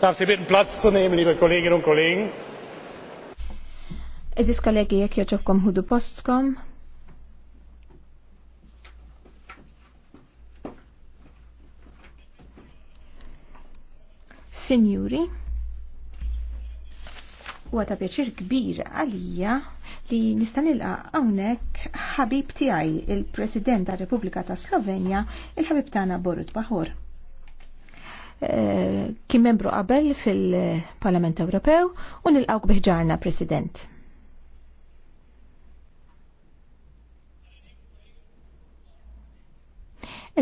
Darf Sie bitten Platz zu nehmen, liebe Kolleginnen und Kollegen? Eżis kollegi jekk joġobkom hudu postkom. Signori, u għata pjaċir kbir għalija li nistanilqa għawnek ħabib tijaj il-President ta' Republika ta' Slovenja, il-ħabib tana Borut Bahor. Eh, kien membru qabel fil-Parlament Ewropew u nilqaw biħġarna President.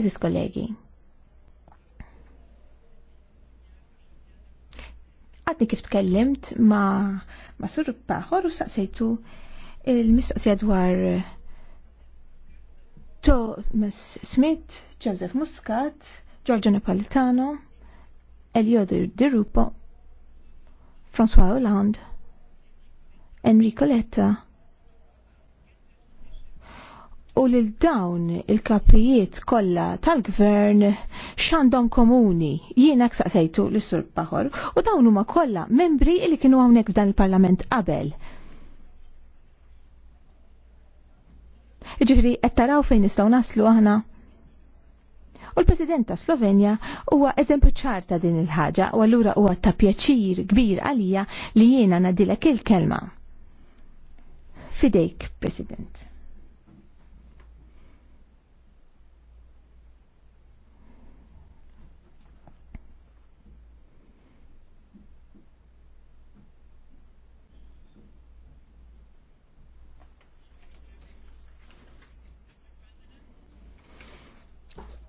Eżis kollegi. Għadni kif tkellimt ma, ma sur paħor u saqsejtu il-mistoqsija dwar Thomas Smith, Joseph Muscat, Giorgio Napolitano, Eliodir Di Rupo, François Hollande, Enrico Letta, u lil dawn il-kapijiet kollha tal-gvern x'għandhom komuni jiena saqsejtu l sur Paħor u dawn huma kollha membri li kienu hawnhekk f'dan il-Parlament qabel. Ġifri qed taraw fejn nistgħu naslu aħna U l-President ta' Slovenja huwa eżempju ċar ta' din il-ħaġa u allura huwa ta' pjaċir kbir għalija li jiena nadilek il-kelma. Fidejk, President.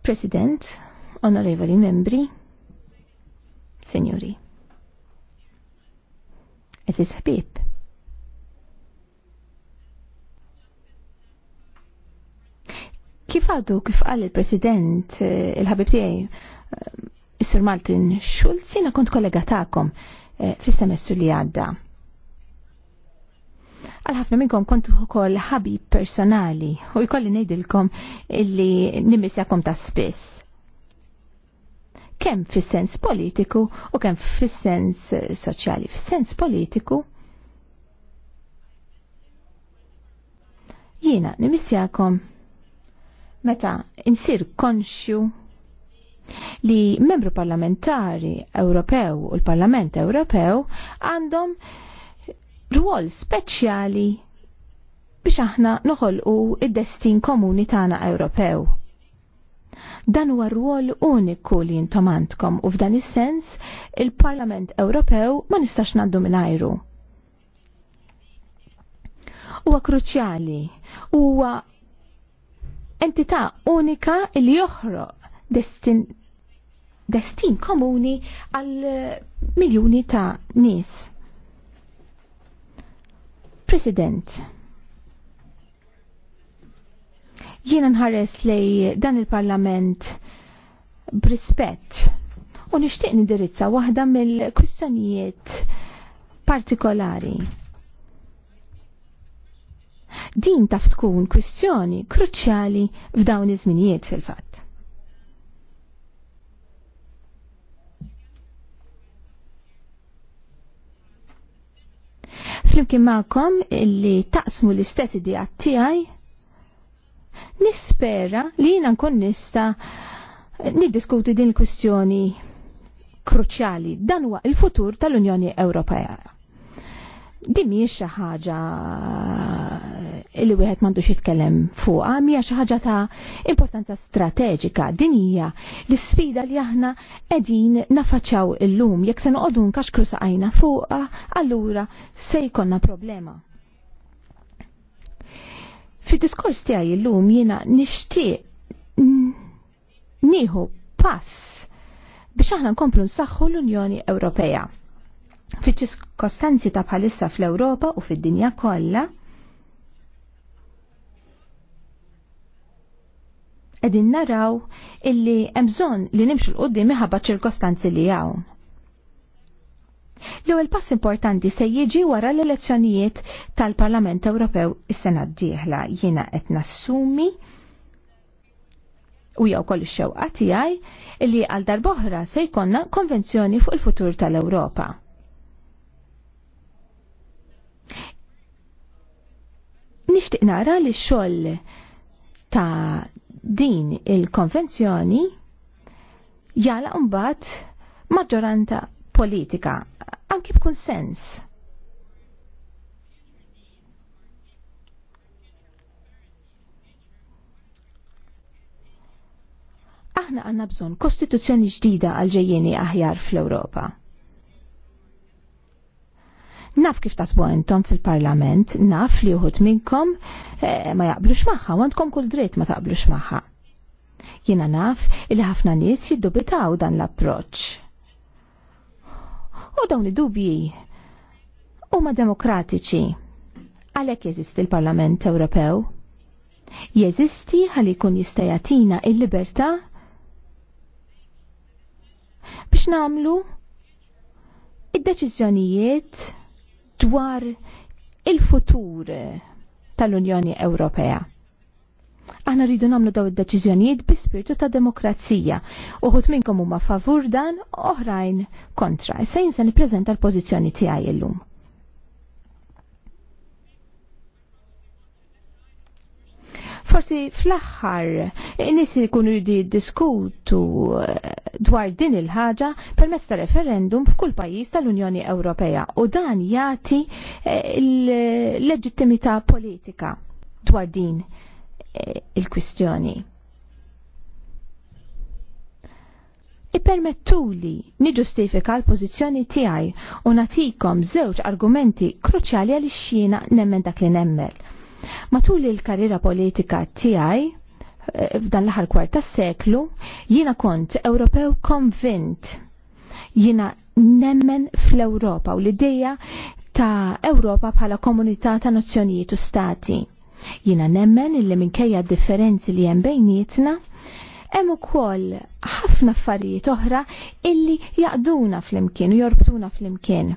President, onorevoli membri, signori. is ħbib. Kif għadu kif qal il-President eh, il-ħabib tiegħi eh, Sir Martin Schulz, jiena kont kollega tagħkom eh, fis-semestru li għadda. Għal ħafna minnkom kontu ukoll ħabi personali u jkolli ngħidilkom illi jakom ta' spiss. Kemm fis-sens politiku u kemm fis-sens soċjali. Fis-sens politiku jiena jakom meta insir konxju li membru parlamentari Ewropew u l-Parlament Ewropew għandhom rwol speċjali biex aħna noħolqu id-destin komuni tagħna Ewropew. Dan huwa rwol uniku li jintom għandkom u f'dan is-sens il-Parlament Ewropew ma nistax ngħaddu mingħajru. Huwa kruċjali, huwa entità unika li joħroq destin, destin komuni għal miljuni ta' nies. President, jiena nħares li dan il-Parlament brispett u nixtieq nindirizza waħda mill-kwistjonijiet partikolari. Din taf tkun kwistjoni kruċjali f'dawn iż-żminijiet fil-fatt. flimkien ma'kom illi taqsmu l-istess idijat tiegħi nispera li jina nkun nista niddiskuti din il-kwistjoni kruċjali dan huwa il-futur tal-Unjoni Ewropea. Din xi ħaġa li wieħed m'għandux jitkellem fuqha hija xi ħaġa ta' importanza strateġika din hija l-isfida li aħna qegħdin nafaċċaw illum jekk se noqogħdu nkaxkru saqajna fuqha allura se jkollna problema. Fid-diskors tiegħi llum jiena nixtieq nieħu pass biex aħna nkomplu nsaħħu l-Unjoni Ewropea fiċ kostanzi ta' bħalissa fl ewropa u fid-dinja kollha edin naraw illi emżon li nimxu l-qoddim iħabba ċirkostanzi li għaw. L-ewwel pass importanti se jiġi wara l-elezzjonijiet tal-Parlament Ewropew is-sena d-dieħla jiena qed nassumi u jew koll ix-xewqa tiegħi li għal darb'oħra se jkollna konvenzjoni fuq il-futur tal-Ewropa. Nixtieq nara li x-xogħol ta' din il-konvenzjoni jala mbagħad maġġoranta politika anki b'kun sens. aħna għanna bżon kostituzzjoni ġdida għal ġejjeni aħjar fl-Ewropa. Naf kif tasbu għentom fil-parlament, naf li uħut minnkom eh, ma jaqblux maħħa, għandkom kull dritt ma taqblux maħħa. Jena naf li ħafna nies jiddubitaw dan l-approċ. U dawn id-dubji huma demokratiċi. Għalhekk jeżisti l-Parlament Ewropew? Jeżisti ħalli jkun jista' jagħtina l-libertà biex nagħmlu id-deċiżjonijiet dwar il-futur tal-Unjoni Ewropea. Aħna rridu nagħmlu daw id-deċiżjonijiet bi spiritu ta' demokrazija. Uħut minnkom huma favur dan, oħrajn kontra. Issa jinsa nippreżenta l-pożizzjoni tiegħi llum. Forsi fl-aħħar nies ikunu jdi diskutu eh, dwar din il-ħaġa permezz ta' referendum f'kull pajjiż tal-Unjoni Ewropea u dan jagħti eh, l-leġittimità politika dwar din eh, il-kwistjoni. Ipermettuli niġustifika l-pożizzjoni tiegħi u natikom żewġ argumenti kruċjali għal ix-xina nemmen dak li nemmel Matul il-karriera politika tiegħi eh, f'dan l-aħħar kwart tas-seklu, jiena kont Ewropew konvint. Jiena nemmen fl-Ewropa u l-ideja ta' Ewropa bħala komunità ta' nazzjonijiet u stati. Jiena nemmen illi minkejja differenzi li hemm bejnietna, hemm ukoll ħafna affarijiet oħra illi jaqduna fl-imkien u jorbtuna fl-imkien.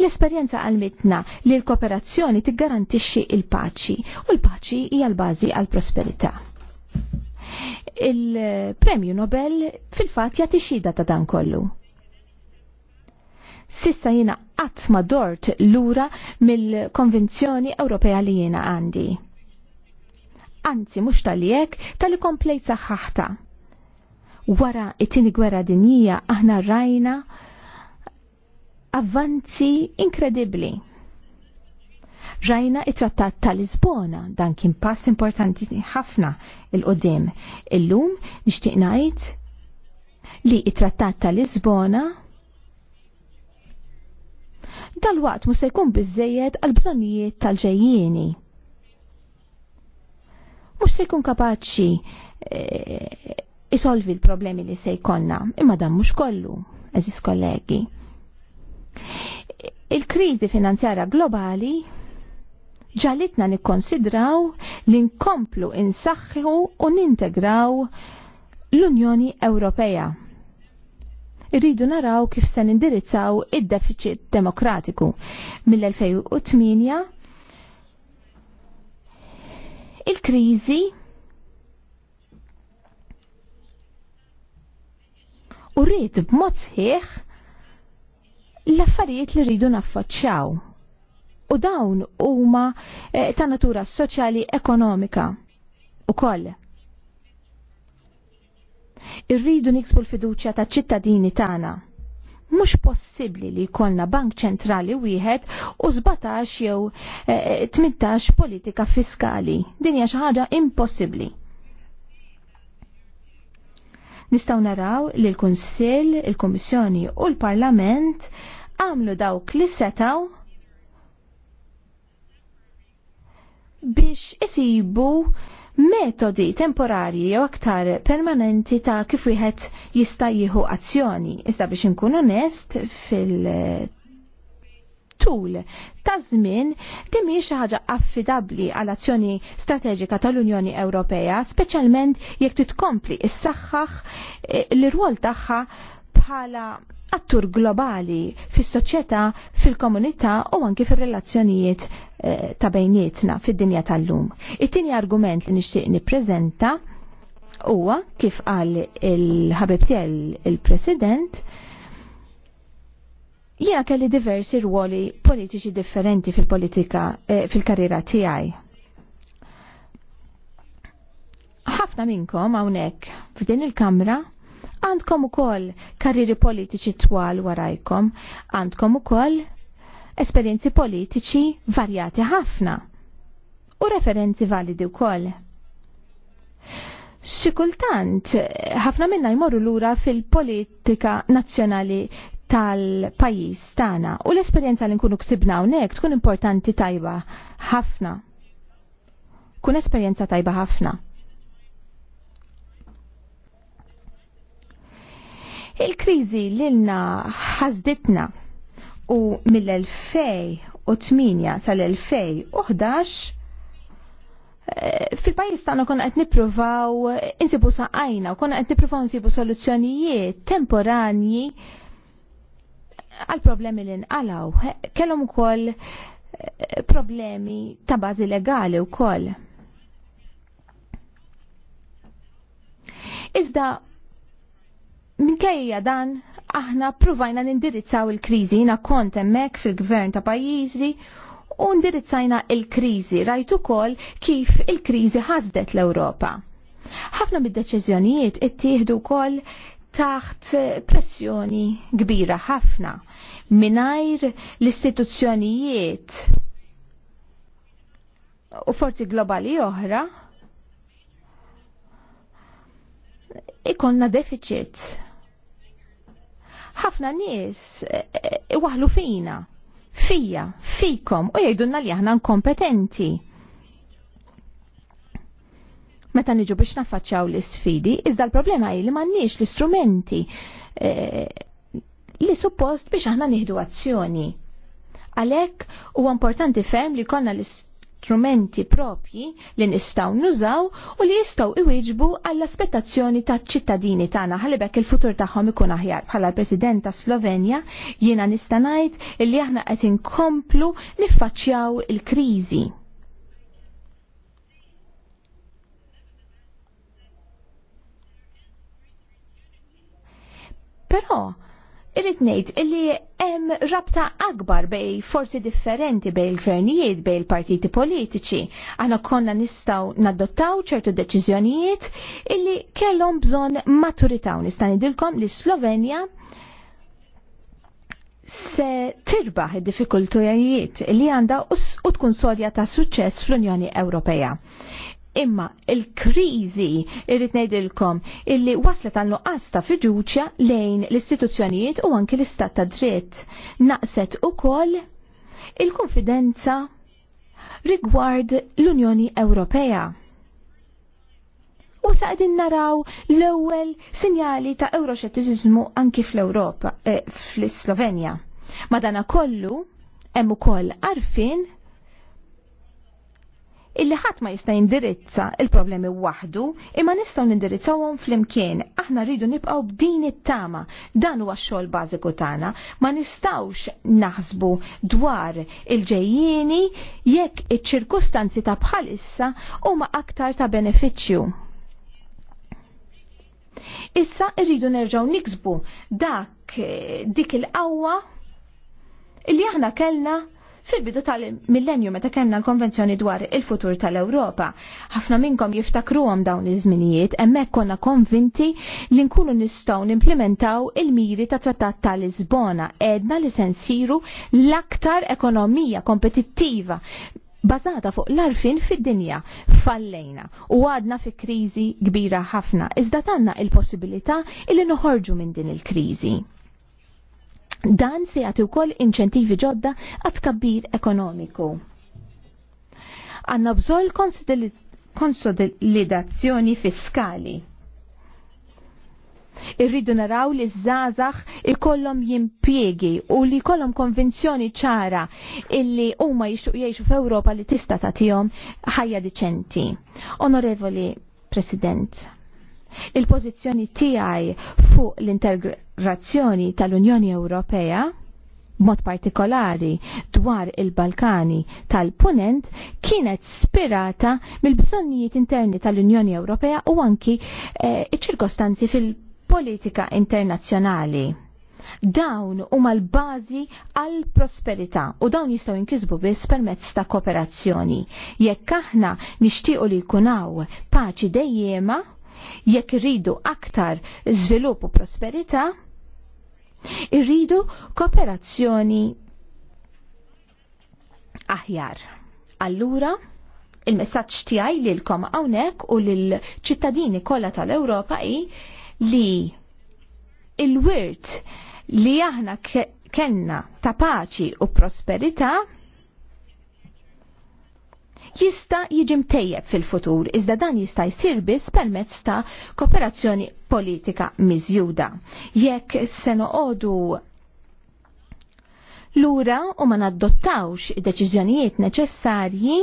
L-esperjenza għalmitna li l-kooperazzjoni tiggarantixxi il-paċi u l-paċi hija l-bażi għal-prosperità. Il-Premju Nobel fil-fatt jagħti xida ta' dan kollu. Sissa jiena qatt ma dort lura mill-Konvenzjoni Ewropea li jiena għandi. Anzi mhux tal-jek tal-li komplejt saħħaħta. Wara it-tieni gwerra dinjija aħna rajna avvanzi inkredibbli. Rajna it-trattat tal-Lisbona, dan kien pass importanti ħafna il-qoddim. Illum nixtieq ngħid li it-trattat tal-Lisbona dal-waqt mu se jkun biżejjed għal bżonnijiet tal-ġejjieni. Mhux se jkun kapaċi eh, isolvi l-problemi li se jkollna, imma dan mhux kollu, eżis kollegi Il-kriżi finanzjara globali ġalitna nikkonsidraw li nkomplu insaxħu u nintegraw l-Unjoni Ewropea. Irridu naraw kif se nindirizzaw id-deficit demokratiku mill-2008 il-kriżi u rrid b'mod sħiħ l-affarijiet li rridu naffaċċjaw. U dawn huma eh, ta' natura soċjali ekonomika ukoll. Irridu niksbu l-fiduċja ta' ċittadini tagħna. Mhux possibbli li jkollna bank ċentrali wieħed u 17 jew 18 eh, politika fiskali. Din hija xi ħaġa impossibbli. Nistaw naraw li l-Kunsill, il-Kommissjoni u l-Parlament għamlu dawk li setaw biex isibu metodi temporarji jew aktar permanenti ta' kif wieħed jista' jieħu azzjoni. Iżda biex inkun onest fil tul ta' żmien ti mhijiex xi ħaġa affidabbli għal azzjoni strateġika tal-Unjoni Ewropea, speċjalment jekk titkompli issaħħaħ eh, l-irwol tagħha bħala attur globali fis-soċjetà, fil-komunità u anki fir-relazzjonijiet eh, ta' bejnietna fid-dinja tal-lum. It-tieni argument li nixtieq nippreżenta huwa kif qal il-ħabib il-President il ħabib il president il il president Jiena kelli diversi ruoli politiċi differenti fil-politika, eh, fil-karriera tiegħi. Ħafna minnkom hawnhekk f'din il-Kamra għandkom ukoll karriri politiċi twal warajkom, għandkom ukoll esperjenzi politiċi varjati ħafna u referenzi validi wkoll. Xi kultant ħafna minna jmorru lura fil-politika nazzjonali tal-pajis tagħna u l-esperjenza li nkunu ksibna hawnhekk tkun importanti tajba ħafna. Kun esperjenza tajba ħafna. Il-kriżi lilna ħazditna u mill-2008 sal-2011 eh, fil-pajis tagħna konna qed nippruvaw insibu saqajna u konna qed nippruvaw insibu soluzzjonijiet temporanji għal problemi li nqalaw, kellhom ukoll eh, problemi ta' bażi legali wkoll. Iżda minkejja dan aħna pruvajna nindirizzaw il-kriżi na kont hemmhekk fil-gvern ta' pajjiżi u ndirizzajna il-kriżi rajtu ukoll kif il-kriżi ħasdet l-Ewropa. Ħafna mid-deċiżjonijiet ittieħdu wkoll taħt pressjoni kbira ħafna minajr l-istituzzjonijiet u forzi globali oħra ikonna deficit. ħafna nies eh, eh, waħlu fina, fija, fikom u jgħidunna li aħna nkompetenti meta niġu biex naffaċċaw l-sfidi, iżda l-problema hi li m'għandniex l-istrumenti eh, li suppost biex aħna nieħdu azzjoni. Għalhekk huwa importanti ferm li konna l-istrumenti propji li nistgħu nużaw u li jistgħu iwieġbu għall-aspettazzjoni taċ-ċittadini tagħna ħalibek il-futur tagħhom ikun aħjar. Bħala l-President ta' Slovenja jiena nista' ngħid li aħna qed inkomplu niffaċċjaw il-kriżi. Però irrit ngħid illi hemm rabta akbar bej forsi differenti bej il-gvernijiet bej il-partiti politiċi. Għana konna nistgħu nadottaw ċertu deċiżjonijiet illi kellhom bżonn maturità u nista' nidilkom li Slovenja se tirbaħ id-diffikultajiet li għandha u tkun sorja ta' suċċess fl-Unjoni Ewropea imma il-krizi irrit ngħidilkom illi waslet għal nuqqas ta' fiduċja lejn l-istituzzjonijiet u anki l-istat ta' dritt. Naqset ukoll il-konfidenza rigward l-Unjoni Ewropea. U saqdin naraw l-ewwel sinjali ta' euroxettiżmu anki fl-Ewropa, eh, fl-Slovenja. Madana kollu, hemm ukoll arfin illi ħadd ma jista' jindirizza il-problemi waħdu imma nistgħu nindirizzawhom flimkien. Aħna rridu nibqgħu b'din it-tama. Dan huwa x-xogħol bażiku tagħna. Ma nistgħux naħsbu dwar il-ġejjieni jekk iċ-ċirkustanzi ta' bħalissa huma aktar ta' benefiċċju. Issa rridu nerġgħu niksbu dak dik il-qawwa li aħna kellna fil-bidu tal-millenju meta kellna l-konvenzjoni dwar il-futur tal-Ewropa. Ħafna minnkom jiftakruhom dawn iż-żminijiet hemmhekk konna konvinti li nkunu nistgħu nimplementaw il-miri ta' Trattat tal Lisbona edna li sensiru l-aktar ekonomija kompetittiva bazata fuq l-arfin fid-dinja fallejna u għadna fi kriżi kbira ħafna iżda tanna il-possibilità illi noħorġu minn din il-kriżi. Dan se jagħti wkoll inċentivi ġodda għat kabbir ekonomiku. Għanna bżol konsolidazzjoni fiskali. Irridu naraw li żgħażagħ ikollhom jimpjegi u li jkollhom konvinzjoni ċara illi huma jixtuq jgħixu f'Ewropa li tista' tagħtihom ħajja diċenti. Onorevoli President, il-pożizzjoni tiegħi fuq l-integrazzjoni tal-Unjoni Ewropea mod partikolari dwar il-Balkani tal-Punent kienet spirata mill-bżonnijiet interni tal-Unjoni Ewropea u anki eh, iċ-ċirkostanzi eh, fil-politika internazzjonali dawn huma l-bażi għal prosperità u dawn jistgħu jinkisbu biss permezz ta' kooperazzjoni. Jekk aħna nixtiequ li jkunaw paċi dejjema Jekk irridu aktar żvilupp u prosperità, irridu kooperazzjoni aħjar. Allura, il-messaġġ tiegħi lilkom hawnhekk u lill-ċittadini kollha tal-Ewropa hi li il-wirt li aħna kellna ta' paċi u prosperità jista' jiġi mtejjeb fil-futur, iżda dan jista' jsir biss permezz ta' kooperazzjoni politika miżjuda. Jekk se noqogħdu lura u ma nadottawx id-deċiżjonijiet neċessarji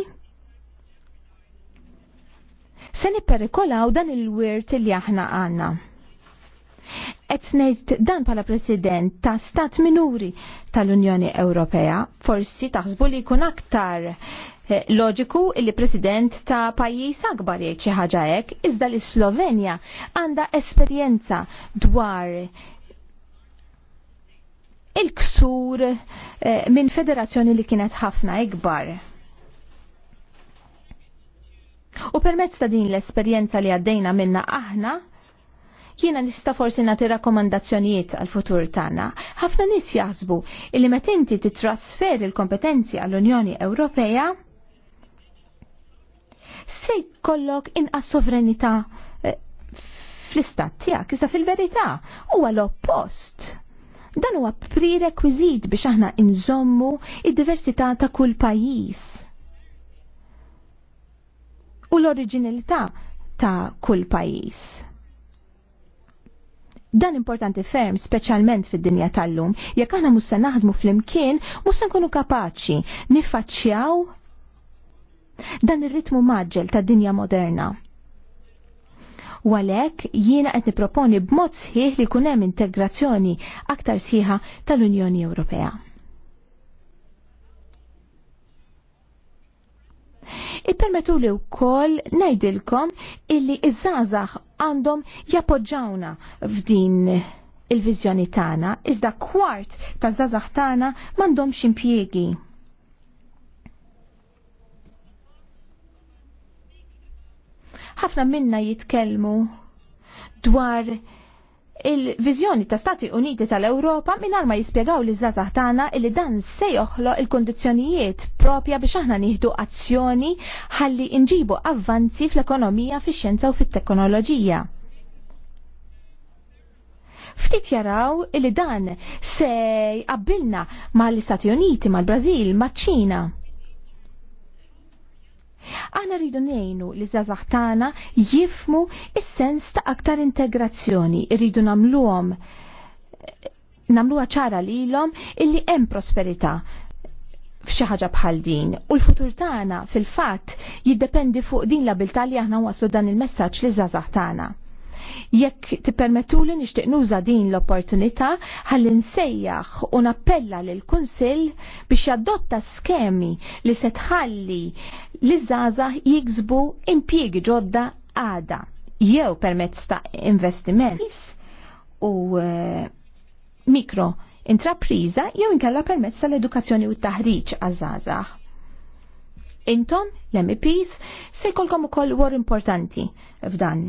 se nipperikolaw dan il-wirt li aħna għandna qed ngħid dan bħala President ta' Stat Minuri tal-Unjoni Ewropea, forsi taħsbu li jkun aktar eh, loġiku li President ta' pajjiż akbar jgħid xi ħaġa hekk, iżda li Slovenja għandha esperjenza dwar il-ksur eh, minn federazzjoni li kienet ħafna ikbar. U permezz ta' din l-esperjenza li għaddejna minna aħna, jiena nista' forsi nagħti rakkomandazzjonijiet għal futur tagħna. Ħafna nies jaħsbu li meta inti titrasferi l-kompetenzi għall-Unjoni Ewropea se jkollok inqas sovranità eh, fl-istat tiegħek, iżda fil-verità huwa l-oppost. Dan huwa prerequisit biex aħna inżommu id-diversità ta' kull pajjiż u l-oriġinalità ta' kull pajjiż. Dan importanti ferm, speċjalment fid-dinja tal-lum, jekk aħna mhux se naħdmu flimkien, mhux se nkunu kapaċi nifaċċjaw dan ir-ritmu maġġel tad-dinja moderna. U għalhekk jiena qed nipproponi b'mod sħiħ li jkun hemm integrazzjoni aktar sħiħa tal-Unjoni Ewropea. Ippermetu li wkoll ngħidilkom illi iż-żgħażagħ għandhom jappoġġawna f'din il-viżjoni tagħna, iżda kwart ta' żgħażagħ tagħna m'għandhomx impjiegi. ħafna minna jitkellmu dwar il-vizjoni ta' Stati Uniti tal-Ewropa mingħajr ma jispjegaw li żgħażagħ tagħna li dan se joħloq il kondizjonijiet propja biex aħna nieħdu azzjoni ħalli inġibu avvanzi fl-ekonomija, fix-xjenza u fit-teknoloġija. Ftit jaraw li dan se jqabbilna mal-Istati Uniti, mal-Brażil, maċ-Ċina. Aħna rridu nejnu li zazax tagħna jifmu il sens ta' aktar integrazzjoni, rridu namluhom namluha ċara lilhom illi hemm prosperità f'xi ħaġa bħal din. U l-futur tagħna fil-fatt jiddependi fuq din l-abilità li aħna waslu dan il-messaġġ li żgħażagħ tagħna. Jekk tippermettuli nixtieq nuża din l-opportunità ħalli nsejjaħ u nappella lil kunsill biex jadotta skemi li se tħalli li żgħażagħ jiksbu impjiegi ġodda għada jew permezz ta' investiment u eh, mikro intrapriża jew inkella permezz tal-edukazzjoni u t-taħriġ għaż-żgħażagħ. Intom, l-MPs, se jkollkom ukoll war importanti f'dan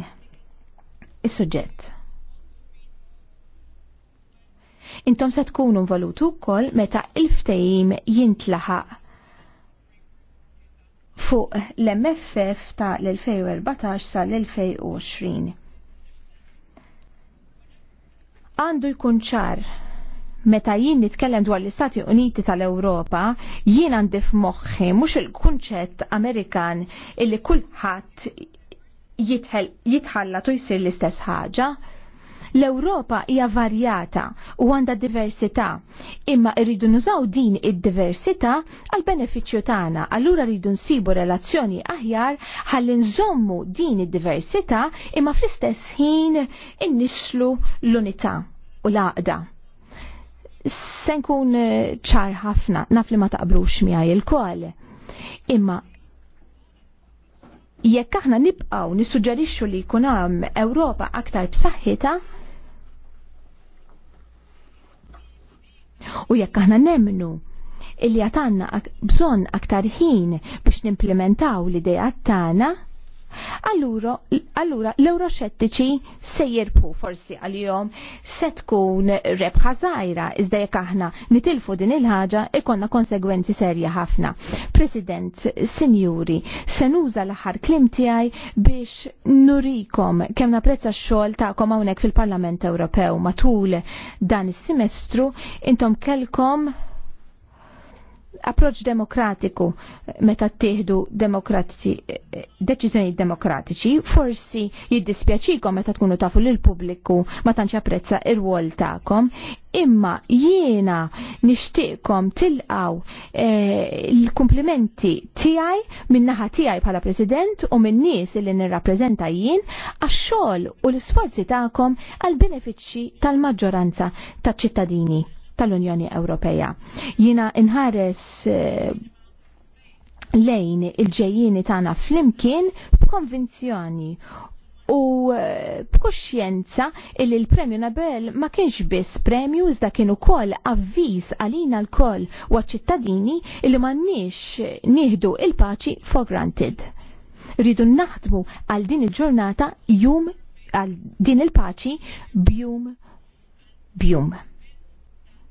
is-suġġett. Intom se tkunu involutu wkoll meta il-ftehim jintlaħaq fuq l-MFF ta' l-2014 sa' l-2020. Għandu jkun ċar meta jien nitkellem dwar l-Istati Uniti tal-Ewropa, jien għandi f'moħħi mhux il-kunċett Amerikan illi kulħadd tu jisir l-istess ħaġa. L-Ewropa hija varjata u għandha diversità, imma rridu nużaw din id-diversità għal benefiċċju tagħna. Allura rridu nsibu relazzjoni aħjar ħalli nżommu din id-diversità imma fl-istess ħin innixlu l-unità u l-għaqda. Se nkun ċar ħafna, naf li ma taqbrux miegħi il-kol. Imma jekk aħna nibqaw nissuġġerixxu li jkun hemm Ewropa aktar b'saħħitha, u jekk aħna nemnu illi għatanna bżonn aktar ħin biex nimplementaw l-idea tagħna, allura l euroscettici se jirpu forsi għal-jom se tkun rebħa zaħira iżda jekk aħna nitilfu din il-ħaġa ikonna konsegwenzi serja ħafna. President, sinjuri, se nuża l-aħħar klim tiegħi biex nurikom kemm napprezza x-xogħol tagħkom hawnhekk fil-Parlament Ewropew matul dan is-semestru intom kelkom approċ demokratiku meta tieħdu deċiżjoni demokratiċi, forsi jiddispjaċikom meta tkunu tafu lil pubbliku ma tantx apprezza ir-wol tagħkom, imma jiena nixtieqkom tilqaw eh, l-kumplimenti tiegħi min-naħa tiegħi bħala President u min-nies li nirrappreżenta jien għax-xogħol u l-isforzi tagħkom għall benefiċċji tal-maġġoranza taċ-ċittadini tal-Unjoni Ewropea. Jina inħares eh, lejn il-ġejjini tagħna flimkien b'konvinzjoni u eh, b'kuxjenza il l-Premju Nobel ma kienx biss premju iżda kien ukoll avviż għalina l-koll u ċittadini li m'għandniex nieħdu il-paċi for granted. Ridu naħdmu għal din il-ġurnata jum għal din il-paċi bjum bjum.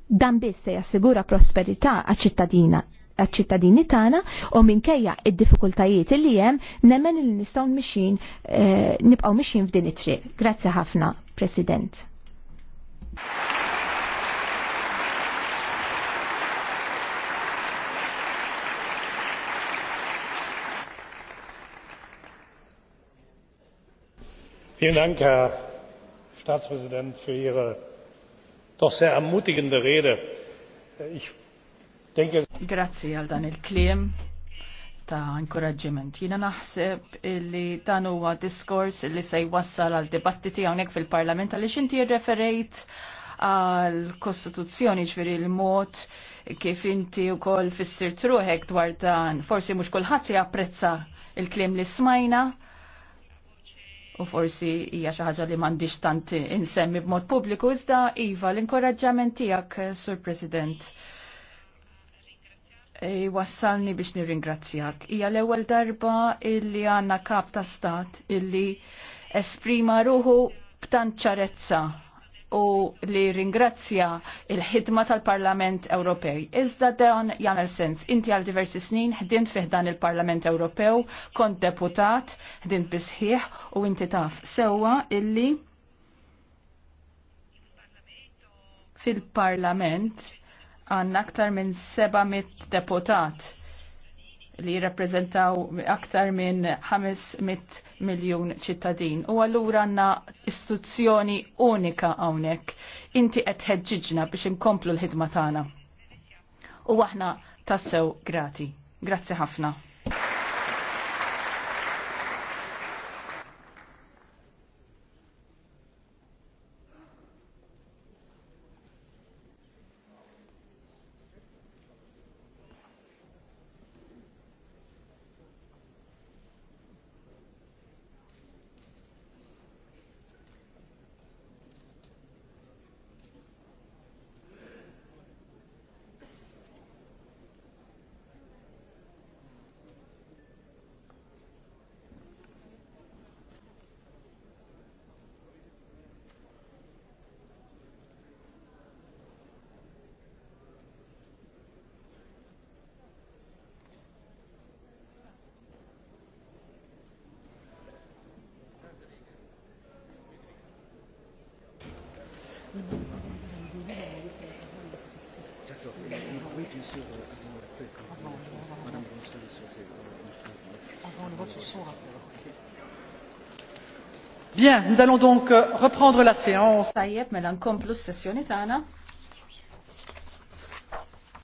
Dan biss se jassigura prosperità għaċ-ċittadina għal-ċittadini tagħna u minkejja id-diffikultajiet li hemm nemmen li nistgħu mixin eh, nibqgħu mixin f'din it-triq. Grazzi ħafna, President. Vielen Dank, Herr Staatspräsident, für Ihre doch sehr ermutigende Rede. Ich denke. Grazzi għal dan il-kliem ta' inkoraġġiment. Jina naħseb li dan huwa diskors li se jwassal għal dibattiti hawnhekk fil-Parlament għaliex inti referejt għal kostituzzjoni ġveri l-mod kif inti u kol fissir truħek dwar dan. Forsi mux kulħadd si apprezza il-klim li smajna u forsi hija xi ħaġa li m'għandix tant insemmi b'mod pubbliku iżda iva l-inkoraġġament tiegħek sur President e, wassalni biex nirringrazzjak. Hija l-ewwel darba illi għandna kap ta' stat illi esprima ruħu b'tant ċarezza u li ringrazzja il-ħidma tal-Parlament Ewropej. Iżda dan jagħmel sens. Inti għal diversi snin ħdint fih dan il-Parlament Ewropew, kont deputat, ħdint bisħieħ u inti taf sewwa illi fil-Parlament għandna aktar minn 700 deputat li jirrappreżentaw aktar minn 500 miljon ċittadin. U allura għanna istituzzjoni unika hawnhekk. Inti qed ħeġġiġna biex inkomplu l-ħidma tagħna. U aħna tassew grati. Grazzi ħafna. Bien, nous allons donc euh, reprendre la séance. Ça y Tajjeb, mela nkomplu s-sessjoni tagħna.